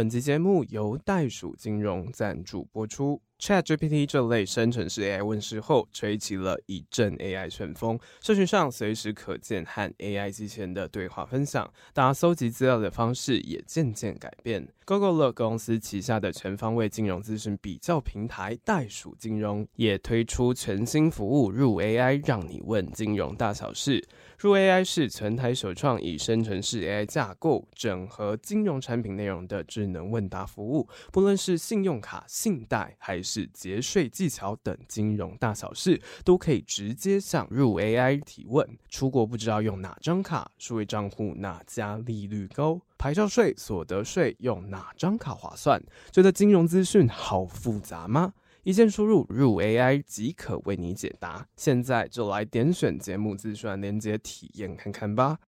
本集節目由袋鼠金融贊助播出。ChatGPT 這類生成式 AI 問世後，吹起了一陣 AI 旋風。社群上隨時可見和 AI 之間的對話分享，大家搜集資料的方式也漸漸改變。Gogolook 公司旗下的全方位金融資訊比較平台“袋鼠金融”也推出全新服務 ——Roo AI，讓你問金融大小事。Roo AI 是全台首創以生成式 AI 架構整合金融產品內容的智能問答服務，不論是信用卡、信貸還是是節稅技巧等金融大小事，都可以直接向 Roo AI 提問。出國不知道用哪張卡？數位賬戶哪家利率高？牌照稅、所得稅用哪張卡划算？覺得金融資訊好複雜嗎？一鍵輸入 Roo AI 即可為你解答。現在就來點選節目資訊鏈接體驗看看吧。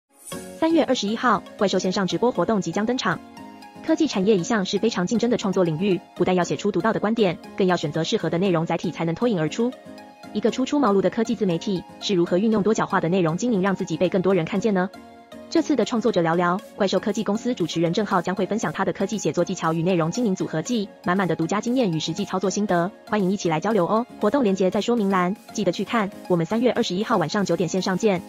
三月二十一號，怪獸線上直播活動即將登場。科技產業一向是非常競爭的創作領域，不但要寫出獨到的觀點，更要選擇適合的內容載體，才能脫穎而出。一個初出茅廬的科技自媒體是如何運用多角化的內容經營，讓自己被更多人看見呢？這次的創作者聊聊怪獸科技公司主持人政皓將會分享他的科技寫作技巧與內容經營組合技，滿滿的獨家經驗與實際操作心得，歡迎一起來交流哦。活動鏈接在說明欄，記得去看。我們三月二十一號晚上九點線上見。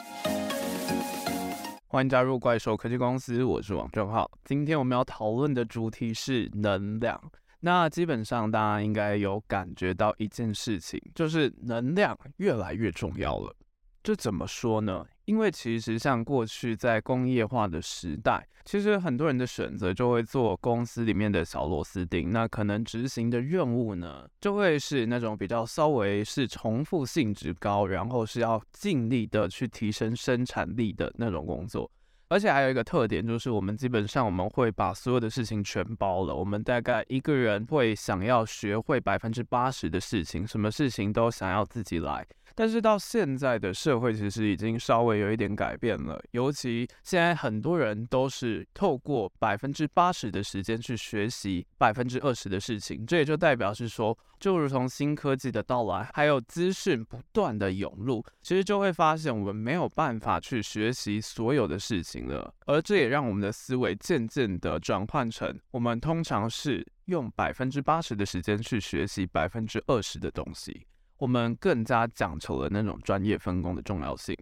歡迎加入怪獸科技公司，我是王政皓。今天我們要討論的主題是能量。那基本上大家應該有感覺到一件事情，就是能量越來越重要了。這怎麼說呢？因為其實像過去在工業化的時代，其實很多人的選擇就會做公司裡面的小螺絲釘。那可能執行的任務呢，就會是那種比較稍微是重複性質高，然後是要盡力的去提升生產力的那種工作。而且還有一個特點就是，我們基本上我們會把所有的事情全包了。我們大概一個人會想要學會百分之八十的事情，什麼事情都想要自己來。但是到現在的社會，其實已經稍微有一點改變了。尤其現在很多人都是透過百分之八十的時間去學習百分之二十的事情，這也就代表是說，就如同新科技的到來，還有資訊不斷的湧入，其實就會發現我們沒有辦法去學習所有的事情了。而這也讓我們的思維漸漸的轉換成，我們通常是用百分之八十的時間去學習百分之二十的東西。我們更加講求了那種專業分工的重要性。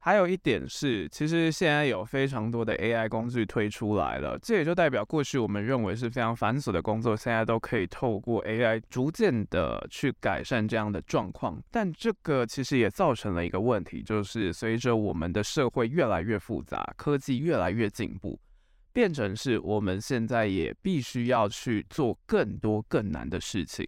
還有一點是，其實現在有非常多的 AI 工具推出來了，這也就代表過去我們認為是非常繁瑣的工作，現在都可以透過 AI 逐漸的去改善這樣的狀況。但這個其實也造成了一個問題，就是隨着我們的社會越來越複雜，科技越來越進步，變成是我們現在也必須要去做更多更難的事情。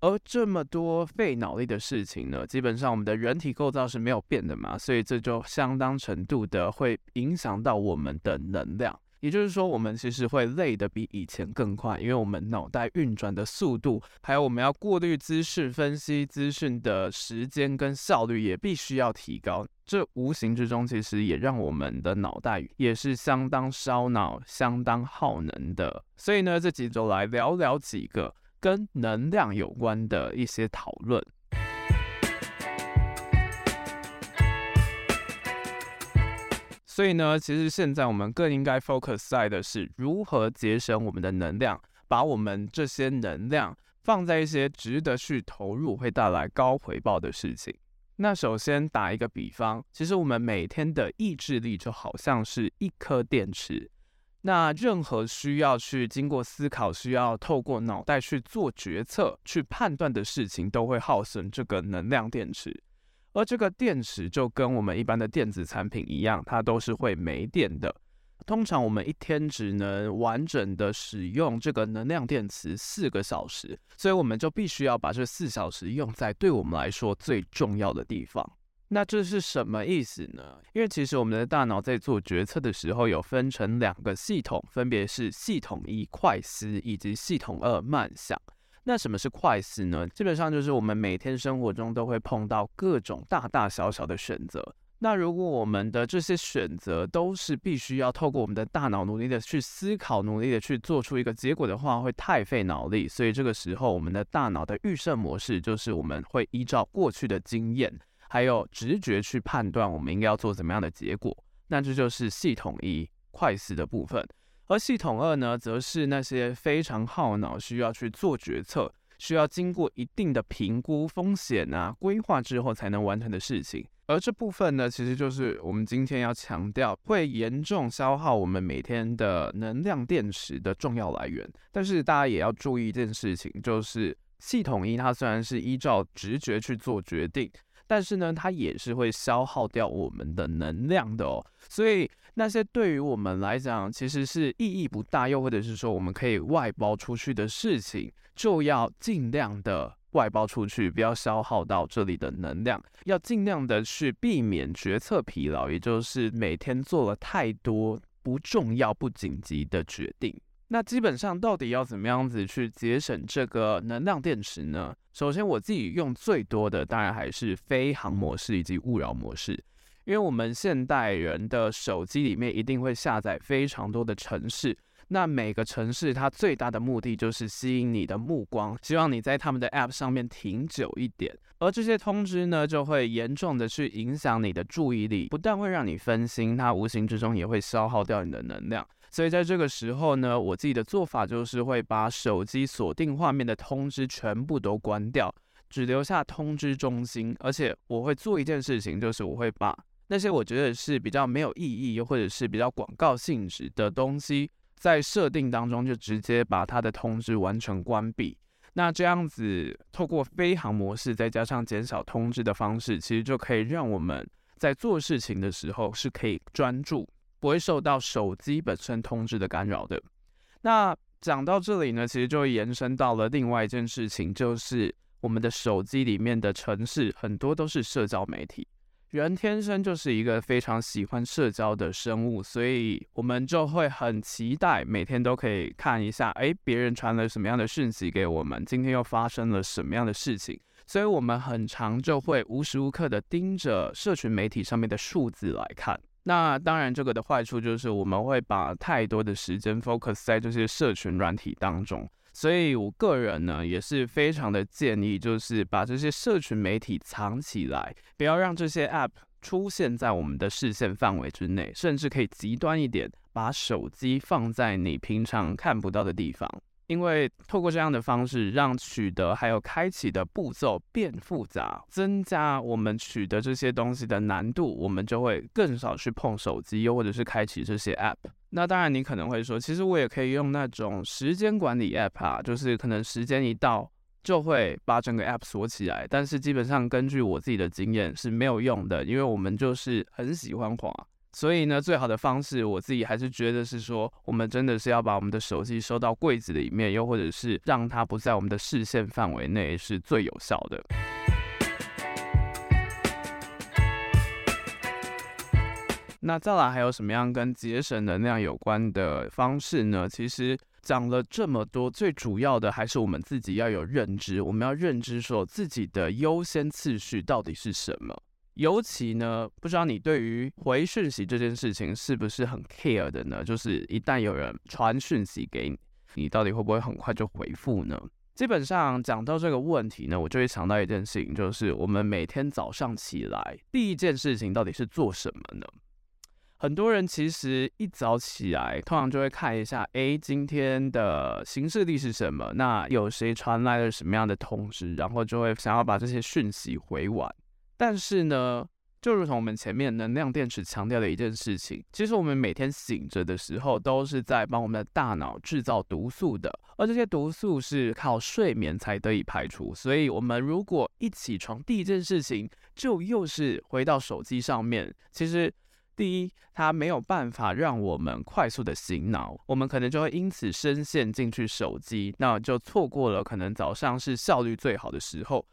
而這麼多費腦力的事情呢，基本上我們的人體構造是沒有變的嘛，所以這就相當程度的會影響到我們的能量。也就是說，我們其實會累得比以前更快，因為我們腦袋運轉的速度，還有我們要過濾資訊、分析資訊的時間跟效率也必須要提高。這無形之中其實也讓我們的腦袋也是相當燒腦、相當耗能的。所以呢，這幾周來聊聊幾個。跟能量有關的一些討論。所以呢，其實現在我們更應該 focus 在的是如何節省我們的能量，把我們這些能量放在一些值得去投入、會帶來高回報的事情。那首先打一個比方，其實我們每天的意志力就好像是一顆電池。那任何需要去經過思考、需要透過腦袋去做決策、去判斷的事情，都會耗損這個能量電池。而這個電池就跟我們一般的電子產品一樣，它都是會沒電的。通常我們一天只能完整的使用這個能量電池四個小時，所以我們就必須要把這四小時用在對我們來說最重要的地方。那這是什麼意思呢？因為其實我們的大腦在做決策的時候，有分成兩個系統，分別是系統一快思，以及系統二慢想。那什麼是快思呢？基本上就是我們每天生活中都會碰到各種大大小小的選擇。那如果我們的這些選擇都是必須要透過我們的大腦努力的去思考，努力的去做出一個結果的話，會太費腦力。所以這個時候，我們的大腦的預設模式就是我們會依照過去的經驗。還有直覺去判斷我們應該要做怎麼樣的結果，那這就是系統一快思的部分。而系統二呢，則是那些非常耗腦、需要去做決策、需要經過一定的評估風險啊、規劃之後才能完成的事情。而這部分呢，其實就是我們今天要強調會嚴重消耗我們每天的能量電池的重要來源。但是大家也要注意一件事情，就是系統一它雖然是依照直覺去做決定。但是呢，它也是會消耗掉我們的能量的哦。所以那些對於我們來講其實是意義不大，又或者是說我們可以外包出去的事情，就要盡量的外包出去，不要消耗到這裡的能量，要盡量的去避免決策疲勞，也就是每天做了太多不重要、不緊急的決定。那基本上到底要怎麼樣子去節省這個能量電池呢？首先，我自己用最多的當然還是飛航模式以及勿擾模式，因為我們現代人的手機裡面一定會下載非常多的程式。那每個程式，它最大的目的就是吸引你的目光，希望你在他們的 App 上面停久一點。而這些通知呢，就會嚴重的去影響你的注意力，不但會讓你分心，它無形之中也會消耗掉你的能量。所以在這個時候呢，我自己的做法就是會把手機鎖定畫面的通知全部都關掉，只留下通知中心。而且我會做一件事情，就是我會把那些我覺得是比較沒有意義，又或者是比較廣告性質的東西，在設定當中就直接把它的通知完全關閉，那這樣子透過飛航模式再加上減少通知的方式，其實就可以讓我們在做事情的時候是可以專注，不會受到手機本身通知的干擾的。那講到這裡呢，其實就延伸到了另外一件事情，就是我們的手機裡面的程式很多都是社交媒體。人天生就是一個非常喜歡社交的生物，所以我們就會很期待每天都可以看一下，誒，別人傳了什麼樣的訊息給我們，今天又發生了什麼樣的事情，所以我們很常就會無時無刻的盯着社群媒體上面的數字來看。那當然，這個的壞處就是我們會把太多的時間 focus 在這些社群軟體當中。所以我個人呢，也是非常的建議，就是把這些社群媒體藏起來，不要讓這些 APP 出現在我們的視線範圍之內，甚至可以極端一點，把手機放在你平常看不到的地方。因為透過這樣的方式，讓取得還有開啟的步驟變複雜，增加我們取得這些東西的難度，我們就會更少去碰手機，又或者是開啟這些 APP。那當然，你可能會說，其實我也可以用那種時間管理 app 啊，就是可能時間一到就會把整個 app 鎖起來。但是基本上根據我自己的經驗是沒有用的，因為我們就是很喜歡滑。所以呢，最好的方式我自己還是覺得是說，我們真的是要把我們的手機收到櫃子裡面，又或者是讓它不在我們的視線範圍內，是最有效的。那再來還有什麼樣跟節省能量有關的方式呢？其實講了這麼多，最主要的還是我們自己要有認知，我們要認知說自己的優先次序到底是什麼。尤其呢，不知道你對於回訊息這件事情是不是很 care 的呢？就是一旦有人傳訊息給你，你到底會不會很快就回復呢？基本上講到這個問題呢，我就會想到一件事情，就是我們每天早上起來第一件事情到底是做什麼呢？很多人其實一早起來，通常就會看一下，哎，今天的行事曆是什麼？那有誰傳來了什麼樣的通知？然後就會想要把這些訊息回完。但是呢，就如同我們前面能量電池強調的一件事情，其實我們每天醒着的時候，都是在幫我們的大腦製造毒素的，而這些毒素是靠睡眠才得以排出。所以，我們如果一起床，第一件事情就又是回到手機上面，其實。第一，它沒有辦法讓我們快速的醒腦，我們可能就會因此深陷進去手機，那就錯過了可能早上是效率最好的時候。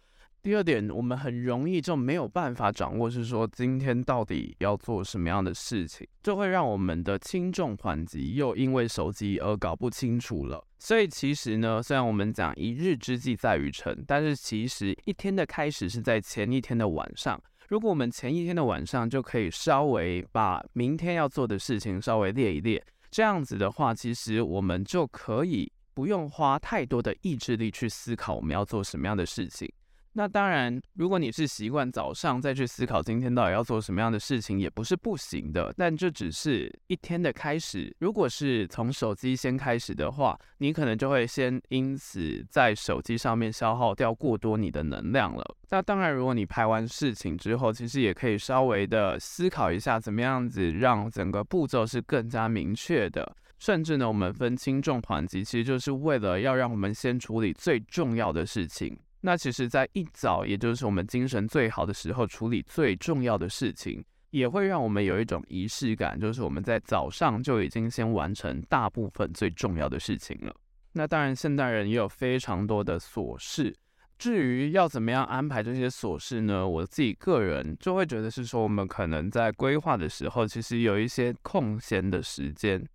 第二點，我們很容易就沒有辦法掌握，是說今天到底要做什麼樣的事情，就會讓我們的輕重緩急又因為手機而搞不清楚了。所以其實呢，雖然我們講一日之計在於晨，但是其實一天的開始是在前一天的晚上。如果我們前一天的晚上就可以稍微把明天要做的事情稍微列一列，這樣子的話，其實我們就可以不用花太多的意志力去思考我們要做什麼樣的事情。那當然，如果你是習慣早上再去思考今天到底要做什麼樣的事情，也不是不行的。但這只是一天的開始。如果是從手機先開始的話，你可能就會先因此在手機上面消耗掉過多你的能量了。那當然，如果你排完事情之後，其實也可以稍微的思考一下，怎麼樣子讓整個步驟是更加明確的。甚至呢，我們分輕重緩急，其實就是為了要讓我們先處理最重要的事情。那其實，在一早，也就是我們精神最好的時候，處理最重要的事情，也會讓我們有一種儀式感，就是我們在早上就已經先完成大部分最重要的事情了。那當然，現代人也有非常多的瑣事。至於要怎麼樣安排這些瑣事呢？我自己個人就會覺得是說，我們可能在規劃的時候，其實有一些空閒的時間。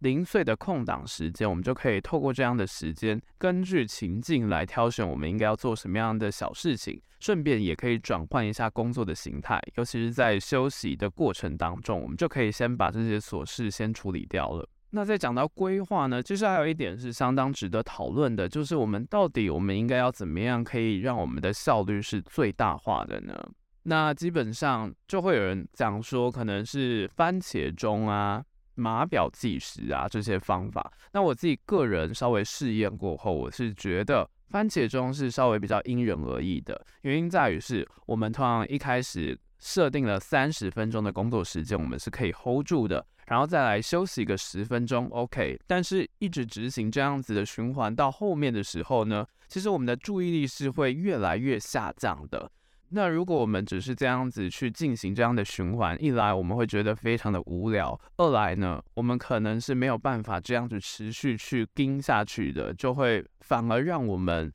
零碎的空檔時間，我們就可以透過這樣的時間，根據情境來挑選我們應該要做什麼樣的小事情，順便也可以轉換一下工作的形態。尤其是在休息的過程當中，我們就可以先把這些瑣事先處理掉了。那在講到規劃呢，其實還有一點是相當值得討論的，就是我們到底我們應該要怎麼樣可以讓我們的效率是最大化的呢？那基本上就會有人講說，可能是番茄鐘啊。碼錶計時啊，這些方法。那我自己個人稍微試驗過後，我是覺得番茄鐘是稍微比較因人而異的。原因在於是我們通常一開始設定了三十分鐘的工作時間，我們是可以 hold 住的，然後再來休息個十分鐘，OK。但是，一直執行這樣子的循環到後面的時候呢，其實我們的注意力是會越來越下降的。那如果我們只是這樣子去進行這樣的循環，一來我們會覺得非常的無聊，二來呢，我們可能是沒有辦法這樣子持續去盯下去的，就會反而讓我們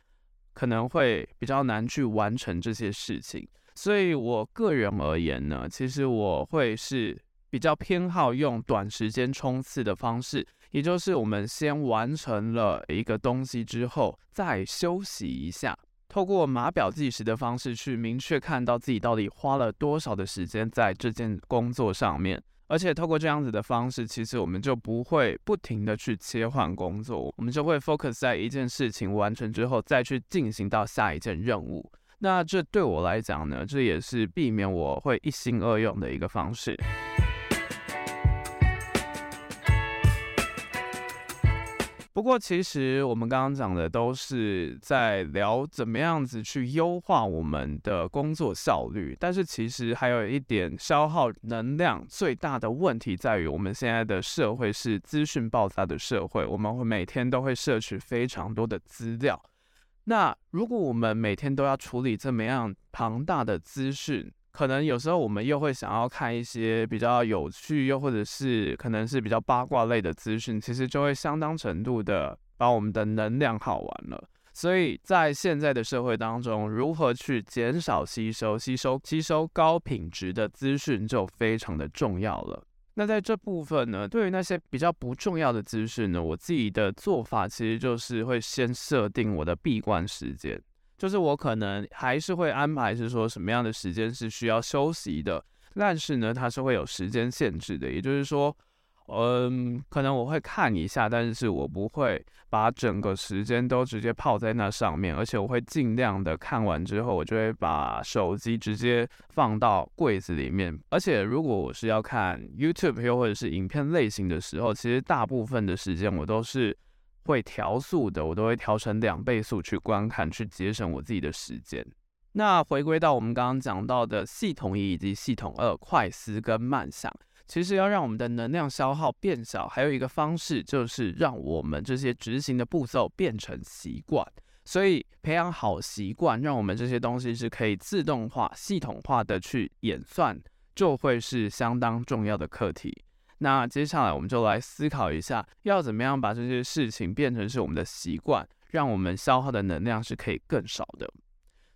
可能會比較難去完成這些事情。所以我個人而言呢，其實我會是比較偏好用短時間衝刺的方式，也就是我們先完成了一個東西之後，再休息一下。透過碼表計時的方式去明確看到自己到底花了多少的時間在這件工作上面，而且透過這樣子的方式，其實我們就不會不停的去切換工作，我們就會 focus 在一件事情完成之後再去進行到下一件任務。那這對我來講呢，這也是避免我會一心二用的一個方式。 不過，其實我們剛剛講的都是在聊怎麼樣子去優化我們的工作效率。但是，其實還有一點消耗能量最大的問題在於，我們現在的社會是資訊爆炸的社會，我們會每天都會攝取非常多的資料。那如果我們每天都要處理這麼樣龐大的資訊，可能有時候我們又會想要看一些比較有趣，又或者是可能是比較八卦類的資訊，其實就會相當程度的把我們的能量耗完了。所以在現在的社會當中，如何去減少吸收、吸收、吸收高品質的資訊，就非常的重要了。那在這部分呢，對於那些比較不重要的資訊呢，我自己的做法其實就是會先設定我的閉關時間。就是我可能還是會安排，是說什麼樣的時間是需要休息的，但是呢，它是會有時間限制的。也就是說，嗯，可能我會看一下，但是我不會把整個時間都直接泡在那上面，而且我會盡量的看完之後，我就會把手機直接放到櫃子裡面。而且如果我是要看 YouTube 又或者是影片類型的時候，其實大部分的時間我都是。會調速的，我都會調成兩倍速去觀看，去節省我自己的時間。那回歸到我們剛剛講到的系統一以及系統二，快思跟慢想，其實要讓我們的能量消耗變少，還有一個方式就是讓我們這些執行的步驟變成習慣。所以培養好習慣，讓我們這些東西是可以自動化、系統化的去演算，就會是相當重要的課題。那接下來我們就來思考一下，要怎麼樣把這些事情變成是我們的習慣，讓我們消耗的能量是可以更少的。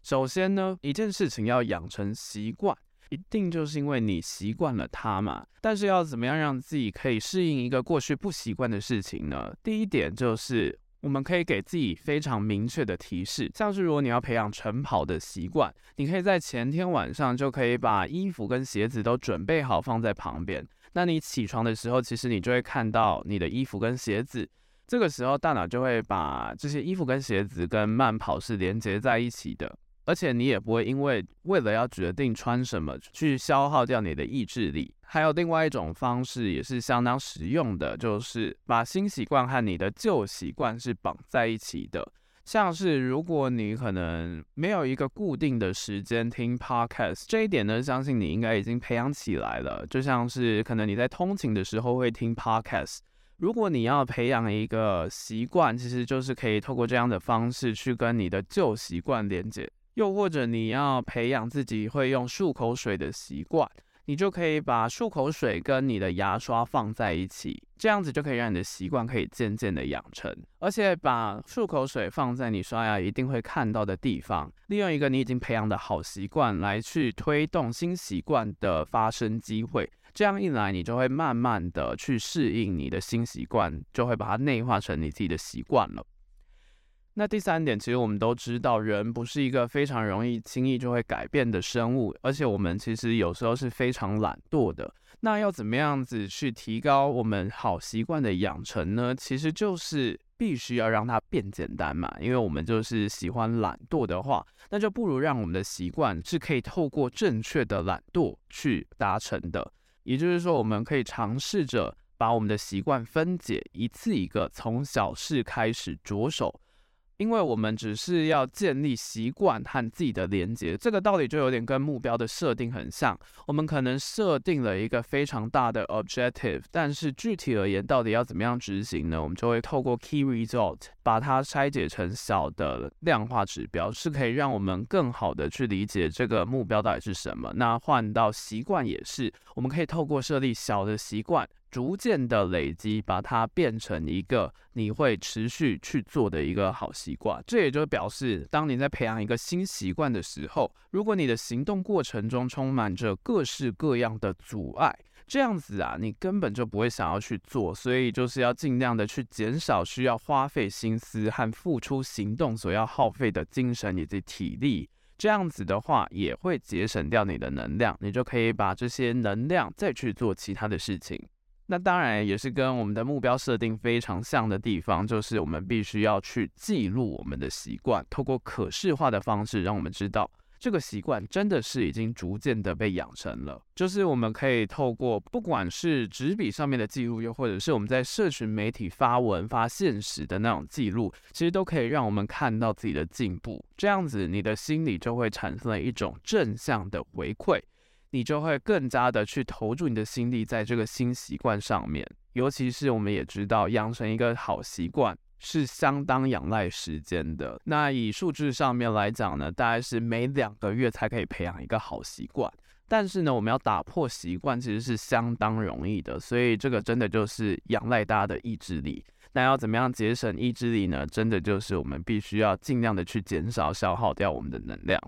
首先呢，一件事情要養成習慣，一定就是因為你習慣了它嘛。但是要怎麼樣讓自己可以適應一個過去不習慣的事情呢？第一點就是我們可以給自己非常明確的提示，像是如果你要培養晨跑的習慣，你可以在前天晚上就可以把衣服跟鞋子都準備好，放在旁邊。那你起床的時候，其實你就會看到你的衣服跟鞋子，這個時候大腦就會把這些衣服跟鞋子跟慢跑是連接在一起的，而且你也不會因為為了要決定穿什麼去消耗掉你的意志力。還有另外一種方式，也是相當實用的，就是把新習慣和你的舊習慣是綁在一起的。像是如果你可能沒有一個固定的時間聽 podcast 這一點呢，相信你應該已經培養起來了。就像是可能你在通勤的時候會聽 podcast。如果你要培養一個習慣，其實就是可以透過這樣的方式去跟你的舊習慣連接。又或者你要培養自己會用漱口水的習慣。你就可以把漱口水跟你的牙刷放在一起，這樣子就可以讓你的習慣可以漸漸的養成。而且把漱口水放在你刷牙一定會看到的地方，利用一個你已經培養的好習慣來去推動新習慣的發生機會。這樣一來，你就會慢慢的去適應你的新習慣，就會把它內化成你自己的習慣了。那第三點，其實我們都知道，人不是一個非常容易輕易就會改變的生物，而且我們其實有時候是非常懶惰的。那要怎麼樣子去提高我們好習慣的養成呢？其實就是必須要讓它變簡單嘛，因為我們就是喜歡懶惰的話，那就不如讓我們的習慣是可以透過正確的懶惰去達成的。也就是說，我們可以嘗試着把我們的習慣分解，一次一個，從小事開始着手。因為我們只是要建立習慣和自己的連接，這個道理就有點跟目標的設定很像。我們可能設定了一個非常大的 objective，但是具體而言，到底要怎麼樣執行呢？我們就會透過 key result 把它拆解成小的量化指標，是可以讓我們更好的去理解這個目標到底是什麼。那換到習慣也是，我們可以透過設立小的習慣。逐漸的累積，把它變成一個你會持續去做的一個好習慣。這也就表示，當你在培養一個新習慣的時候，如果你的行動過程中充滿着各式各樣的阻礙，這樣子啊，你根本就不會想要去做。所以就是要盡量的去減少需要花費心思和付出行動所要耗費的精神以及體力。這樣子的話，也會節省掉你的能量，你就可以把這些能量再去做其他的事情。那當然也是跟我們的目標設定非常像的地方，就是我們必須要去記錄我們的習慣，透過可視化的方式，讓我們知道這個習慣真的是已經逐漸的被養成了。就是我們可以透過不管是紙筆上面的記錄，又或者是我們在社群媒體發文發現實的那種記錄，其實都可以讓我們看到自己的進步。這樣子，你的心裡就會產生了一種正向的回饋。你就會更加的去投注你的心力在這個新習慣上面，尤其是我們也知道，養成一個好習慣是相當仰賴時間的。那以數據上面來講呢，大概是每兩個月才可以培養一個好習慣。但是呢，我們要打破習慣其實是相當容易的，所以這個真的就是仰賴大家的意志力。那要怎麼樣節省意志力呢？真的就是我們必須要盡量的去減少消耗掉我們的能量。